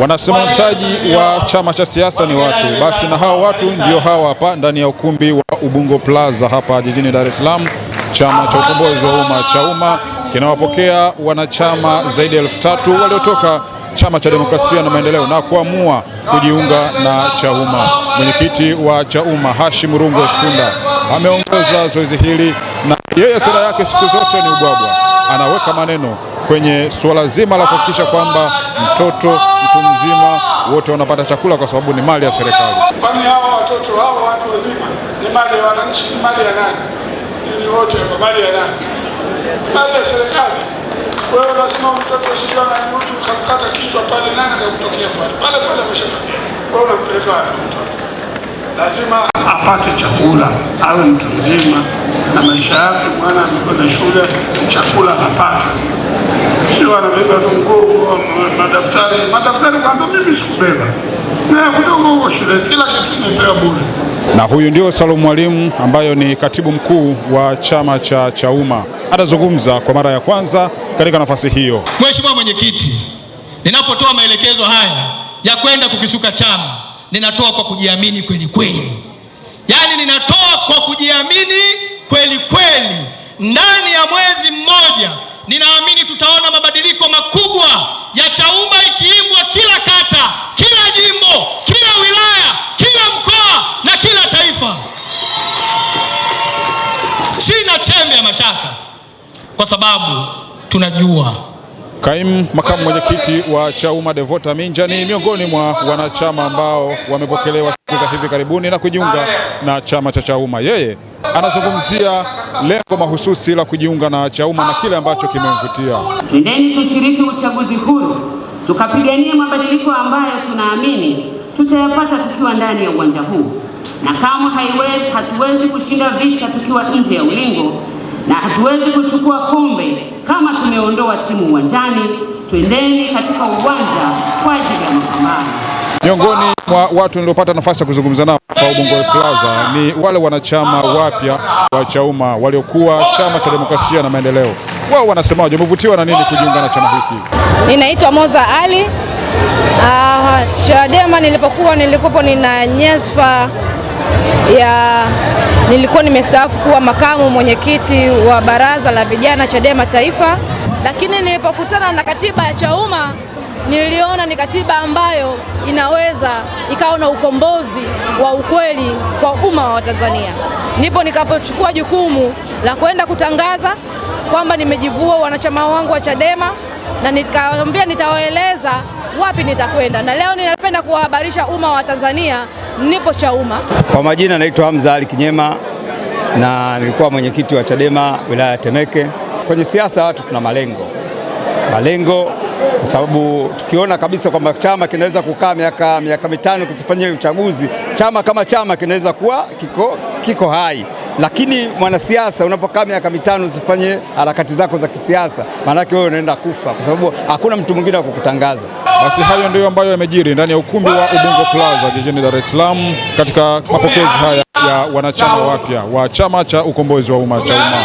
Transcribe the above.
Wanasema mtaji wa chama cha siasa ni watu, basi na hao watu ndio hawa hapa ndani ya ukumbi wa Ubungo Plaza hapa jijini Dar es Salaam. Chama cha ukombozi wa umma CHAUMMA kinawapokea wanachama zaidi ya elfu tatu waliotoka chama cha demokrasia na maendeleo na kuamua kujiunga na CHAUMMA. Mwenyekiti wa CHAUMMA Hashim Rungwe Skunda ameongoza zoezi hili, na yeye sera yake siku zote ni ubwabwa, anaweka maneno kwenye suala zima la kuhakikisha kwamba mtoto, mtu mzima, wote wanapata chakula, kwa sababu ni mali ya serikali. Kwani hawa watoto hawa watu wazima ni mali ya wananchi? Ni mali ya nani? Ni wote kwa mali ya nani? Mali ya serikali. Wewe lazima mtoto usikiwa na mtu kakata kichwa pale, nani atakutokea pale pale pale? Mshaka wewe, unampeleka wapi mtoto? Lazima apate chakula, awe mtu mzima na maisha yake. Mwana amekona shule, chakula anapata sio anabeba tu mgogo madaftari madaftari, kwanza mimi sikubeba na huko shule, kila kitu Na huyu ndio Salum Mwalimu ambayo ni katibu mkuu wa chama cha Chauma, atazungumza kwa mara ya kwanza katika nafasi hiyo. Mheshimiwa Mwenyekiti, ninapotoa maelekezo haya ya kwenda kukisuka chama, ninatoa kwa kujiamini kweli kweli, yaani ninatoa kwa kujiamini kweli kweli, ndani ya mwezi mmoja ninaamini tutaona mabadiliko makubwa ya chauma ikiimbwa kila kata, kila jimbo, kila wilaya, kila mkoa na kila taifa. Sina chembe ya mashaka, kwa sababu tunajua. Kaimu makamu mwenyekiti wa Chaumma Devota Minja ni miongoni mwa wanachama ambao wamepokelewa siku za hivi karibuni na kujiunga na chama cha chauma Yeye anazungumzia lengo mahususi la kujiunga na Chauma na kile ambacho kimemvutia. Twendeni tushiriki uchaguzi huru, tukapigania mabadiliko ambayo tunaamini tutayapata tukiwa ndani ya uwanja huu, na kama haiwezi, hatuwezi kushinda vita tukiwa nje ya ulingo, na hatuwezi kuchukua kombe kama tumeondoa timu uwanjani. Twendeni katika uwanja kwa ajili ya mapambano. Miongoni mwa watu niliopata nafasi ya kuzungumza nao pa Ubungo Plaza ni wale wanachama wapya wa chaumma waliokuwa Chama cha Demokrasia na Maendeleo. Wao wanasemaje? Umevutiwa na nini kujiunga na chama hiki? Ninaitwa Moza Ali. Uh, Chadema nilipokuwa nilikuwa nina nyesfa ya nilikuwa nimestaafu kuwa makamu mwenyekiti wa baraza la vijana Chadema Taifa, lakini nilipokutana na katiba ya chaumma niliona ni katiba ambayo inaweza ikawa na ukombozi wa ukweli kwa umma wa tanzania Ndipo nikapochukua jukumu la kwenda kutangaza kwamba nimejivua wanachama wangu wa Chadema na nikawaambia nitawaeleza wapi nitakwenda, na leo ninapenda kuwahabarisha umma wa Tanzania nipo Chauma. Kwa majina naitwa Hamza Ali Kinyema na nilikuwa mwenyekiti wa Chadema wilaya ya Temeke. Kwenye siasa watu tuna malengo, malengo kwa sababu tukiona kabisa kwamba chama kinaweza kukaa miaka miaka mitano kisifanyie uchaguzi, chama kama chama kinaweza kuwa kiko, kiko hai lakini mwanasiasa unapokaa miaka mitano usifanye harakati zako za kisiasa, maanake wewe unaenda kufa, kwa sababu hakuna mtu mwingine wa kukutangaza. Basi hayo ndiyo ambayo yamejiri ndani ya ukumbi wa Ubungo Plaza jijini Dar es Salaam katika mapokezi haya ya wanachama wapya wa chama cha ukombozi wa umma cha umma